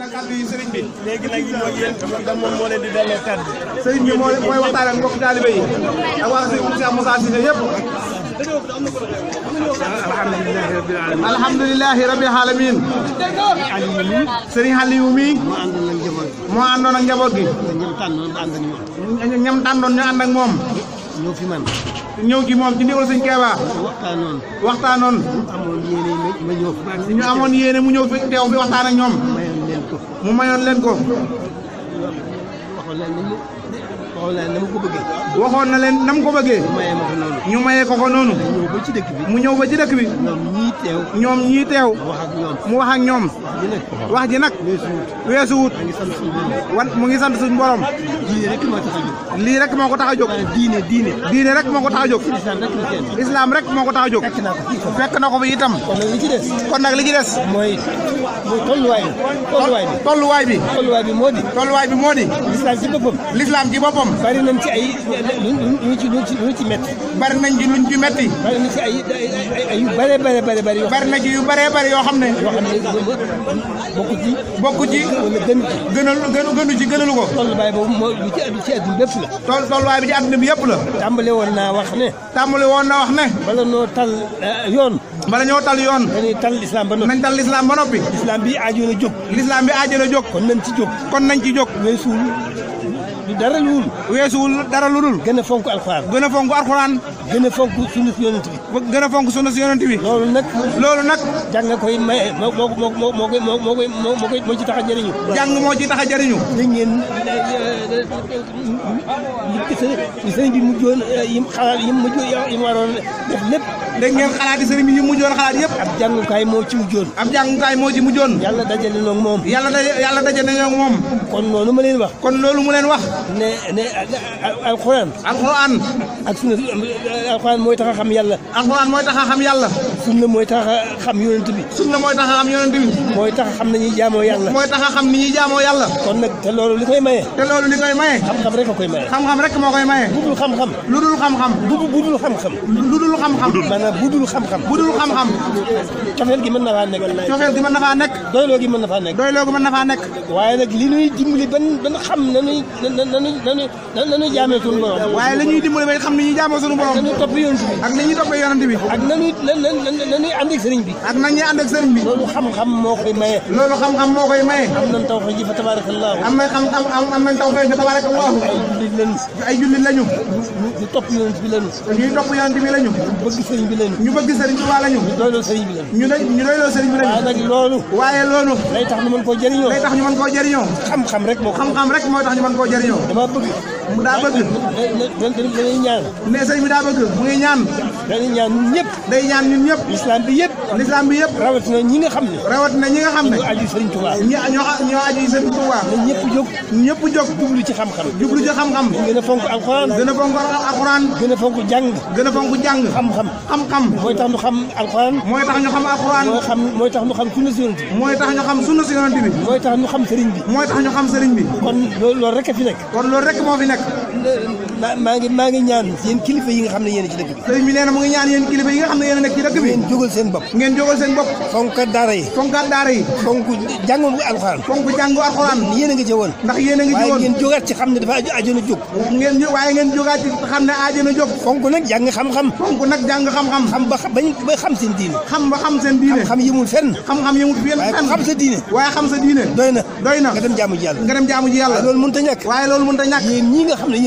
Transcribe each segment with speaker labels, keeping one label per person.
Speaker 1: na kàddu yi sëriñ bi. léegi nag ñu ngi yéen moom moo leen di delloo kàddu. sëriñ bi moo mooy waxtaan ak mbokk taalibe yi ak waa moo àndoon njaboot gi ñam tàndoon ñu ànd moom ñëw fi man ñëw gi moom ci ndigal sëñ Keeba waxtaanoon waxtaanoon ñu amoon yéene mu ñëw fi teew bi waxtaan ñoom mu mayoon leen ko. waxon na len nam ko beugé ñu mayé ko ko nonu mu ñew ba ci dëkk bi ñom ñi tew mu wax ak ñom wax ji nak wésu wut wan mu ngi sant suñ borom li rek moko ko tax diiné diiné diine rek moko ko tax islam rek moko ko tax fekk na ko fi itam kon nak li ci dess des tollu way bi way bi tolluwaay bi moo di tolluwaay bi ci bopam l'islam ci bopam bari nañ ci ay lu ci lu ci métti. bari nañ ci luñ ci métti. bari nañ ci ay ay yu bëree bëri bëri yoo. bari na ci yu bëree bëri yoo xam ne. yoo xam ne bokku ci. bokku ci wala gënu ci. gënal gënu gënu ci gënalu ko. tolluwaay boobu moo lu ci lu ci adduna bépp la. toll tolluwaay bi ci adduna bi yëpp la. tàmbale woon naa wax ne. tàmbale woon na wax ne. bala noo tal eh, yoon. bala ñoo tal yoon. dañuy tal lislaam ba noppi. nañ tal lislaam ba noppi. lislaam bi aajo la jóg. lislaam bi aajo la jóg. kon nañ ci jóg. kon nañ ci jóg. du dara lu wul dara lu gën a fonk alxuraan gën a fonk alxuraan gën a fonk sunna si yonent bi gën a fonk sunna si yonent bi loolu nag loolu nag jàng koy maye moo moo moo moo moo koy moo koy moo koy moo ci tax a jëriñu jàng moo ci tax a jëriñu dégg ngeen li sëriñ bi mujjoon yim xalaat yim mujj yim waroon def lépp dégg ngeen xalaat yi sëriñ bi ñu mujjoon xalaat yëpp ab jàngukaay moo ci mujjoon ab jàngukaay moo ci mujjoon yàlla dajale noog moom yàlla da yàlla dajale noog moom kon loolu ma leen wax kon loolu mu leen wax ne ne alxuraan alxuraan ak sunna alxuraan mooy tax xam yàlla alxuraan mooy tax a xam yàlla sunna mooy tax a xam yonent bi sunna mooy tax a xam yonent bi mooy tax a xam ni ñuy jaamoo yàlla mooy tax a xam ni ñuy jaamoo yàlla kon nag te loolu li koy maye te loolu li koy maye xam-xam rek a koy maye xam-xam rek moo koy maye budul xam-xam lu dul xam-xam bu dul xam-xam lu dul xam-xam maanaam bu dul xam-xam bu dul xam-xam cofeel gi mën na faa nekk cofeel gi mën na faa nekk doyloo gi mën na faa nekk doyloo gi mën na faa nekk waaye nag li ñuy dimbali ban ban xam nanuy nanuy nanuy nanuy jaamee suñu borom waaye li ñuy dimbali ba xam ni ñuy jaamoo suñu borom nanuy topp yonent bi ak li ñuy toppee yonent bi ak nanuy dañuy ànd ak sëriñ bi ak nañuy ànd ak sëriñ bi loolu xam-xam moo koy maye loolu xam-xam moo koy maye am nañ tawfa ji fa tabarakallah am nañ xam-xam am nañ tawfa fa tabarakallah ay jullit lañu ay jullit ñu bi lañu ñuy topp yonent bi lañu bëgg sëriñ bi lañu ñu bëgg sëriñ Tuubaa lañu ñu doyloo bi lañu ñu ñu bi lañu lay tax ñu mën lay tax ñu mën xam-xam rek moo xam-xam rek moo tax ñu mën koo jëriñoo dama bëgg mu daa bëgg dañuy ñaan ne sëriñ bi daa bëgg mu ngi ñaan ñaan ñun ñëpp day ñaan ñun ñëpp l'islam bi yëpp. l'islam bi yëpp. rawatina ñi nga xam ne. rawatina ñi nga xam ne. ñoo aju sëriñ Touba. ñoo ñoo aju sëriñ Touba. ñun ñëpp jóg. ñëpp jóg jublu ci xam-xam. jublu ci xam-xam. gën a fonk alxuraan. a fonk alxuraan. gën a mooy tax ñu xam alxuraan. mooy tax ñu xam alxuraan. mooy xam mooy tax ñu xam sunna si yonent bi. mooy tax ñu xam sunna si mooy tax ñu xam sëriñ bi. mooy tax ñu xam sëriñ bi. kon loolu rek fi nekk. kon loolu rek moo fi nekk. maa ngi maa ngi ñaan yéen kilifa yi nga xam ne yéen ci dëkk bi sëriñ bi nee na mu ngi ñaan yéen kilifa yi nga xam ne yéen a nekk ci dëkk bi ngeen jógal seen bopp ngeen jógal seen bopp fonkat daara yi fonkat daara yi fonk jàngu alxuraan fonk jàngu alxuraan yéen a ngi ci woon ndax yéen a ngi ci woon waaye ngeen jógaat ci xam ne dafa ajona jóg ngeen waaye ngeen jógaat ci xam ne ajona jóg fonk nag jàng xam-xam fonk nag jàng xam-xam xam ba bañ ba xam seen diine xam ba xam seen diine xam yëmul fenn xam-xam yëmul fenn xam sa diine waaye xam sa diine doy na doy na nga dem jaamu ji yàlla nga dem jaamu ji yàlla loolu mën ta ñàkk waaye loolu mën ta ñàkk yéen ñi nga xam ne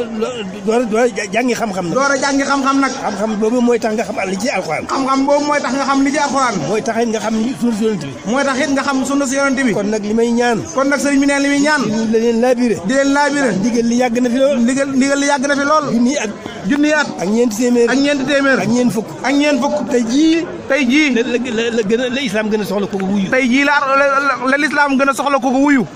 Speaker 1: door a jàngi xam-xam nag. door a jàngi xam-xam nag. xam-xam boobu mooy tax nga xam li alxuraan. xam-xam boobu mooy tax nga xam li alxuraan. mooy taxit nga xam sunna si yonent bi. mooy taxit nga xam sunna si yonent bi. kon nag li ñaan. kon nag sëriñ bi neen li muy ñaan. di laabire. di laabire. ndigal li yàgg na fi lool. ndigal ndigal li yàgg na ñeenti téeméer. ak ñeenti fukk. ak jii. tey jii. la la la a la islam gën a soxla ko a soxla wuyu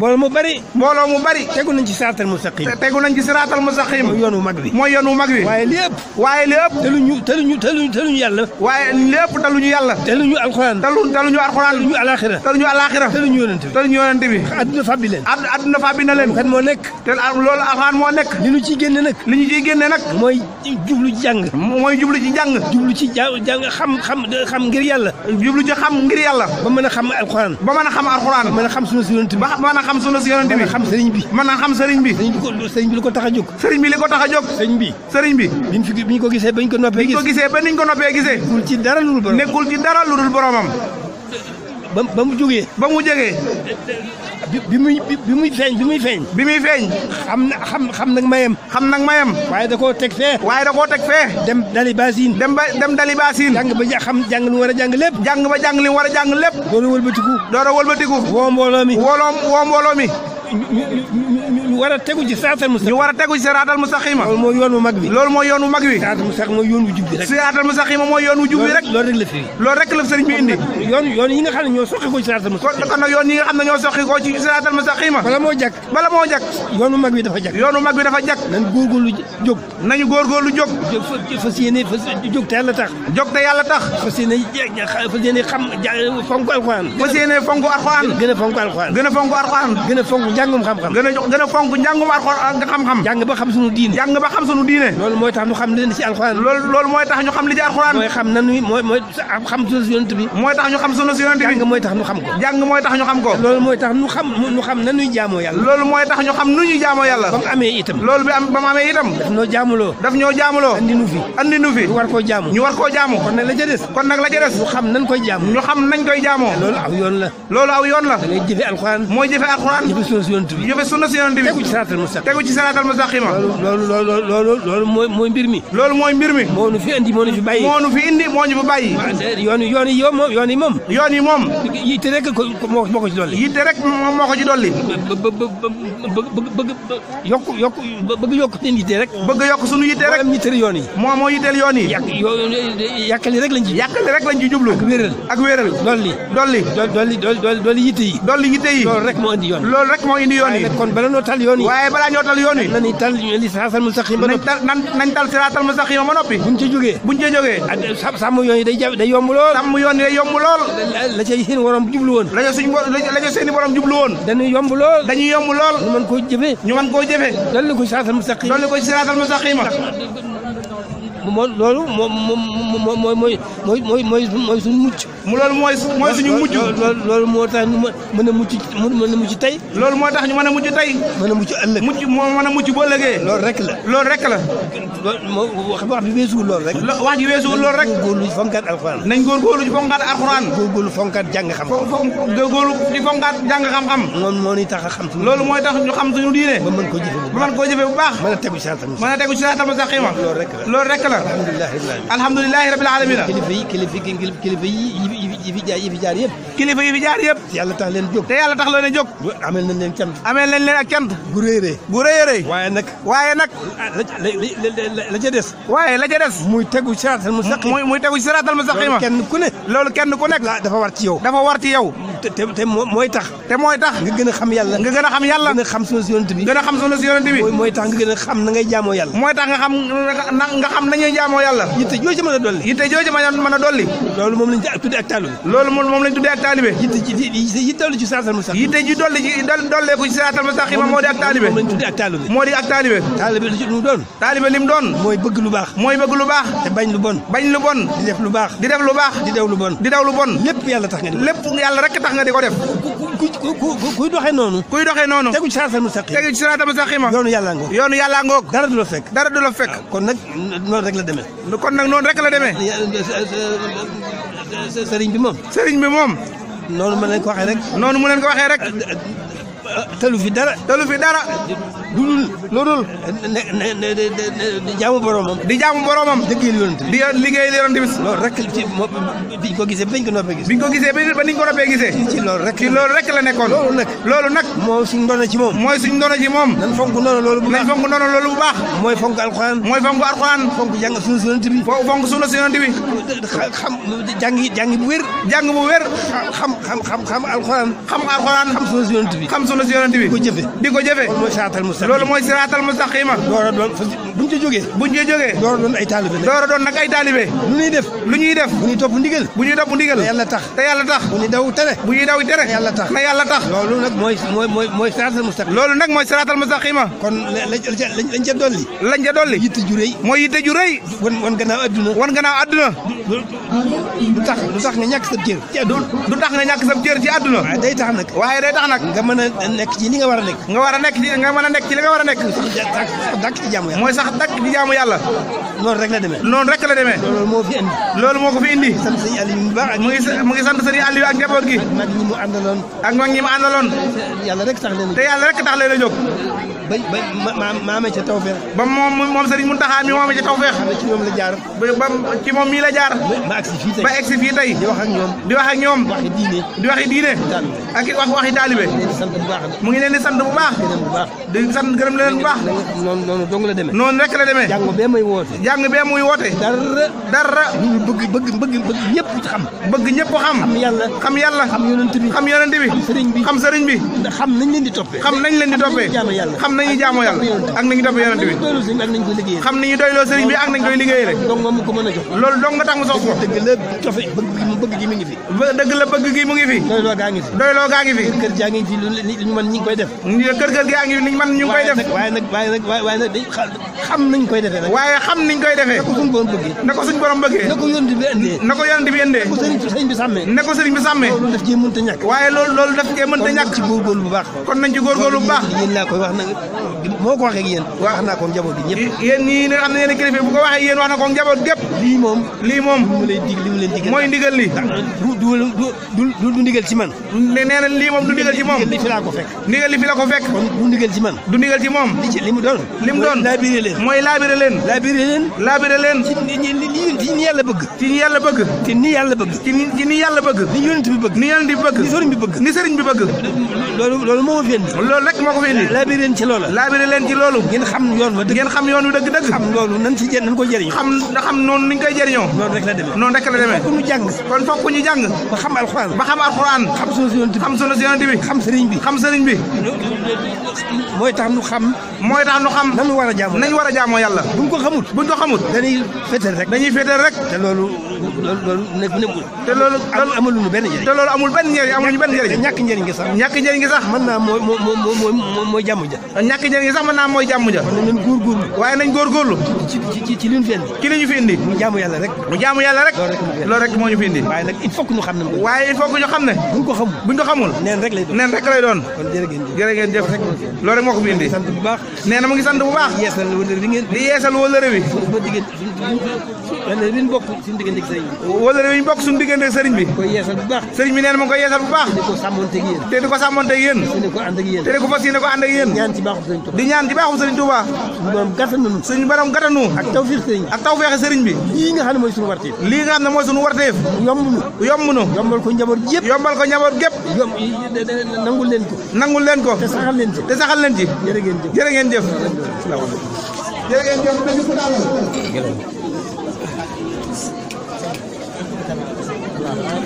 Speaker 1: mbooloo mu bari mbooloo mu bari tegu nañ ci siraatal mustaqim tegu nañ ci siraatal mustaqim mooy yoon wu mag wi mooy yoon wu mag wi waaye lépp waaye lépp taluñu taluñu taluñu taluñu yàlla waaye lépp taluñu yàlla taluñu alquran taluñu taluñu alquran taluñu alaxira taluñu alaxira taluñu yonente bi taluñu yonente bi adduna fabbi leen adduna fabbi na leen kan moo nekk te loolu alquran moo nekk li ñu ciy génne nag li ñu ciy génne nag mooy jublu ci jàng mooy jublu ci jàng jublu ci jàng xam xam xam ngir yàlla jublu ci xam ngir yàlla ba mën a xam alquran ba mën a xam alquran ba mën a xam sunu yonente ba mën xam sunna si yonent bi mën a xam sëriñ bi mën a xam sëriñ bi sëriñ bi li ko tax a jóg sëriñ bi li ko tax a jóg sëriñ bi sëriñ bi biñ fi ko gisee bañ ko noppee gis ko gisee ba niñ ko noppee ci dara lu dul boromam nekkul ci dara lu boromam ba mu jógee ba mu jógee bi muy bi muy feeñ bi muy feeñ bi muy feeñ xam na xam xam nag mayam xam nag mayam waaye da koo teg fee waaye da koo teg fee dem dali baasin dem ba dem dali baasin jàng ba xam jàng lu war a jàng lépp jàng ba jàng li war a jàng lépp door a wëlbatiku door a wëlbatiku woo mbooloo war a tegu ci siraatal mustaqima. ñu war a tegu ci siraatal mustaqima. loolu mooy yoon wu mag bi. loolu mooy yoon wu mag bi. siraatal mustaqima mooy yoon wu jub bi rek. siraatal mustaqima mooy yoon wu jub bi rek. loolu rek la fi loolu rek la sëriñ bi indi. yoon yoon yi nga xam ne ñoo soqi ko ci siraatal mustaqima. kon nag yoon yi nga xam ne ñoo soqi ko ci siraatal mustaqima. bala moo jag bala moo jag. yoon wu mag bi dafa jag. yoon wu mag bi dafa jag. nañ góorgóorlu jóg. nañu góorgóorlu jóg. fas yéene jóg te yàlla tax. jóg te yàlla tax. fas yéene xam fonk alxuraan. fas yéene fonk alxuraan. gën a fonk alxuraan. gën a fonk alxuraan. gën a fonk njàngum xam-xam. gën a fonk bu njàngum alxuraan ah, nga xam-xam jàng ba xam sunu diine jàng ba xam sunu diine loolu mooy tax ñu xam li ci alxuraan loolu loolu mooy tax ñu xam li ci alxuraan mooy xam nanuy mooy mooy xam sunu si yonent bi mooy tax ñu xam sunu si yonent bi jàng mooy tax ñu xam ko jàng mooy tax ñu xam ko loolu mooy tax ñu xam ñu xam nanuy jaamoo yàlla loolu mooy tax ñu xam nu ñuy jaamoo yàlla ba mu amee itam loolu bi am ba mu amee itam daf ñoo jaamuloo daf ñoo jaamuloo andi nu fi andi nu fi ñu war koo jaamu ñu war koo jaamu kon nag la ca des kon nag la ca des ñu xam nañ koy jaamu ñu xam nañ koy jaamoo loolu aw yoon la loolu aw yoon la da ngay jëfe alxuraan mooy jëfe alxuraan jëfe sunu si yonent bi jëfe sunu si yonent bi tegu ci siraatal mustaqim tegu ci siraatal mustaqim loolu loolu loolu loolu mooy mooy mbir mi loolu mooy mbir mi moo nu fi indi moo nu fi bàyyi moo nu fi indi moo ñu fi bàyyi yoon yoon yi yow moom yoon yi moom yoon moom yitte rek moo moo ko ci dolli yitte rek moo moo moo yitteel yoon yi yàqali rek lañ ci jublu ak wéeral ak wéeral dolli dolli yitte yi dolli yitte yi loolu rek moo indi yoon loolu rek moo indi yoon kon bala noo tal yoon yi waaye balaa ñoo tal yoon yi nañu tal siraatal mustaqim ba noppi nañ tal siraatal mustaqim ba noppi buñ ci jógee buñ ci jógee ah, sàmm yoon day yomb lool sàmm yoon day yomb lool la ca seen borom jublu woon la ca suñ la ca woon dañuy yomb lool dañuy yomb lool ñu mën koo jëfee ñu mën koo jëfee dolli ko siraatal mustaqim moo loolu moo moo moo mooy mooy mooy mooy suñu mucc. loolu mooy mooy suñu mujj. loolu moo tax ñu mën a mucc a mucc tey. loolu moo tax ñu mën a mucc tey. mën a mucc ëllëg. mucc moo mën a mucc boo loolu rek la loolu rek la. wax wax bi weesuwul loolu rek. wax ji weesuwul loolu rek. nañ góorgóorlu ci fonkaat jàng xam-xam. góorgóorlu ci fonkaat tax a xam suñu. loolu mooy tax ñu xam suñu diine. ba mën koo jëfe bu baax. mën a tegu ci saatam sax xiima loolu rek la الحمد لله رب العالمين الحمد لله رب العالمين كلفي كلفي كلفي كلفي يفي جار يفي جار يب كلفي يفي جار يب يالله تخ لين جوك يالله تخ لين جوك عمل لين لين كنت عمل لين لين كنت غريري غريري واي نك واي نك لا جدس واي لا جدس موي تغو شرات المستقيم موي موي تغو شرات المستقيم كن كن لول كن كن لا دا فا وارتي يو دا فا وارتي يو te te mooy tax. te mooy tax nga gën a xam yàlla. nga gën a xam yàlla a xam sunu si yonent bi. gën a xam sunu si yonent bi. mooy tax nga gën a xam na ngay jaamoo mooy tax nga xam nga xam nañuy yitte joo ci mën a dolli. yitte joo ci mën dolli. loolu moom lañ tuddee ak taalibe. yitte ji dolli ci siraatal mustaqiim. yitte ji dolli ci dolleeku moo di ak taalibe. taalibe. moo di ak doon. taalibe li doon. mooy bëgg lu baax. mooy bëgg lu baax. te bañ lu bon. bañ lu bon. di def lu baax. tax nga di ko def. ku ku kuy doxee noonu. kuy doxee noonu. tegu ci siraatal mustaqima tegu ci siraatal mustaqima. yoonu yàlla ngoog yoonu yàlla ngoog. dara du la fekk dara du la fekk. Ah, kon nag noonu rek la demee. kon nag noonu rek la demee. sëriñ bi moom. sëriñ bi moom. noonu mën leen ko waxee rek. noonu mu leen ko waxee rek. tëlu fi dara. tëlu fi dara. lu dul loolu di jaamu boromam. di jaamu boromam. liggéeyal yonent bi di liggéeyal yonent bi. loolu rek ci biñ ko gisee bañ ko noppee gisee. biñ ko gisee ba niñ ko noppee gisee. ci loolu rek ci loolu rek la nekkoon. loolu nag loolu nag. moo suñ ndono ci moom. mooy suñ ndono ci moom. nañ fonk ndono loolu bu baax nañ fonk ndono loolu bu baax. mooy fonk alxuraan. mooy fonk alxuraan. fonk jàng suñu yonent bi. fo fonk suñu yonent bi. xam jàng jàng bu wér. jàng bu wér. xam xam xam xam alxuraan. xam alxuraan. xam suñu yonent bi. xam suñu yonent bi. di ko jëfe loolu moy siratal mustaqima door don buñ ci joggé buñ ci joggé door don ay talibé door don nak ay talibé lu ñuy def lu ñuy def bu ñuy topp ndigal bu ñuy topp ndigal te tax te yàlla tax bu ñuy daw téré bu daw téré yàlla tax na yàlla tax loolu nak moy moy moy mooy mustaqima loolu nak moy siratal mustaqima kon lañ ci doli lañ ci doli yitte ju reuy moy yitte ju won wan gannaaw aduna wan gannaaw aduna du tax du tax nga ñak sa jër ci adduna du tax nga ñak sa jër ci aduna day tax nak waye day tax nak nga mëna nek ci li nga wara nek nga wara nek nga mëna nek ci li nga war a nekk. dakk ci jaamu yàlla. mooy sax dakk ci jaamu yàlla. noonu rek la deme noonu rek la demee. loolu moo fi indi. loolu moo ko fi indi. sant sëñ Aliou bu baax ak. mu ngi ngi sant sëñ Aliou ak njaboot gi. ak mag ñi mu àndaloon. ak mag ñi mu àndaloon. te yàlla rek tax leen a jóg. ba ba maa ma ca tawfeex ba moom moom Serigne Mountakha mi moo ma ca tawfeex ba ci moom la jaar ba ci moom mii la jaar ba mu ngi leen di sant bu baax di sant gërëm leen bu baax noonu dong la demee noonu rek la demee jàng bee muy woote jàng bee bëgg bëgg xam xam xam xam yàlla bi xam yonent bi xam nañ leen di toppee xam nañ leen di toppee nañuy jaamu yàlla ak nañu topp yonent bi xam nañu doyloo sëriñ bi ak nañ koy liggéeyale loolu dong nga tax mu sos ko dëgg la bëgg gi mu ngi fi dëgg la bëgg gi mu ngi fi doyloo gaa ngi fi doyloo gaa ngi fi kër ngi fi lu ñu koy def kër kër ngi ñu koy def xam nañ koy xam nañ koy nako suñ borom nako suñ borom bëggee nako yonent bi indee nako yonent bi bi nako sëriñ bi sàmmee loolu daf cee mënta ñàkk waaye loolu loolu mënta ci bu baax kon nañ ci bu baax koy wax moo ko waxee ak yéen wax na ko njaboot bi ñëpp. yéen ñii ne am na yeneen kilifa bu ko wax na ko njaboot gépp lii moom. lii moom li ma leen dig li ma leen digal. mooy ndigal li du du du du ndigal ci man. nee lii moom du ndigal ci moom. ndigal li fi la ko fekk. kon du ndigal ci man. du ndigal ci moom. li mu doon. li mu doon laabire leen. mooy laabire leen. laabire leen. laabire leen. ci ni yàlla bëgg. ci ni yàlla bëgg. ni yàlla bi bëgg. ni yonent bi bëgg. ni sëriñ bi bëgg. loolu loolu moo ma fi rek moo ko fi laabire leen ci loolu. ngeen xam yoon wa dëgg. dëgg xam loolu nan ci jël xam nga ni ñu koy jëriñoo noonu rek la demee noonu rek la demee kon fokk ñu jàng kon fokk ñu jàng ba xam alxuraan ba xam alxuraan xam sunu si yonent bi xam sunu si yonent bi xam sëriñ bi xam sëriñ bi mooy tax nu xam mooy tax nu xam nañu war a jaamoo nañu war a jaamoo yàlla buñ ko xamut buñ ko xamut dañuy féetal rek dañuy féetal rek te loolu loolu loolu nekk nekkul te loolu amul ñu benn njëriñ te loolu amul benn njëriñ amul ñu benn njëriñ ñàkk njëriñ gi sax ñàkk njëriñ gi sax mën naa moo moo moo mooy jàmm ja ñàkk njëriñ gi sax mën naa mooy jàmm ja waaye nañ góorgóorlu waaye nañ góorgóorlu ci ci ci li ñu fi indi ci li ñu fi indi jaamu yàlla rek mu jaamu yàlla rek rek moo ñu fi indi il faut que ñu xam ne il faut que ñu xam buñ ko xamul buñ ko xamul neen rek lay doon neen rek lay doon kon jërë ngeen jëf loolu rek moo ko fi indi sant bu baax nee na ngi sant bu baax di yeesal bi ñu bokk suñu diggante sëriñ bi wala réew suñu diggante sëriñ bi koy yeesal bu baax yeesal bu baax di ko sàmmonteeg yéen di ko sàmmonteeg yéen te di ko fas yéene ko ànd ak yéen di ñaan baaxu Touba ak bi lii nga xam ne mooy suñu warteef lii nga xam ne mooy suñu warteef yomb nu yomb nu yombal ko njaboot yëpp yombal ko njaboot gépp nangul leen ko nangul leen ko te saxal leen ci te saxal leen ci jërë ngeen jëf jërë ngeen jëf jërë ngeen jëf dañu ko daal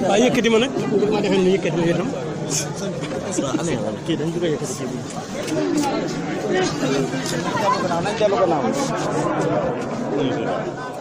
Speaker 1: waaw yëkkati ma nag ma defee nu yëkkati ma itam kii Kita ko yëkkati kii Kita nañ dellu gannaaw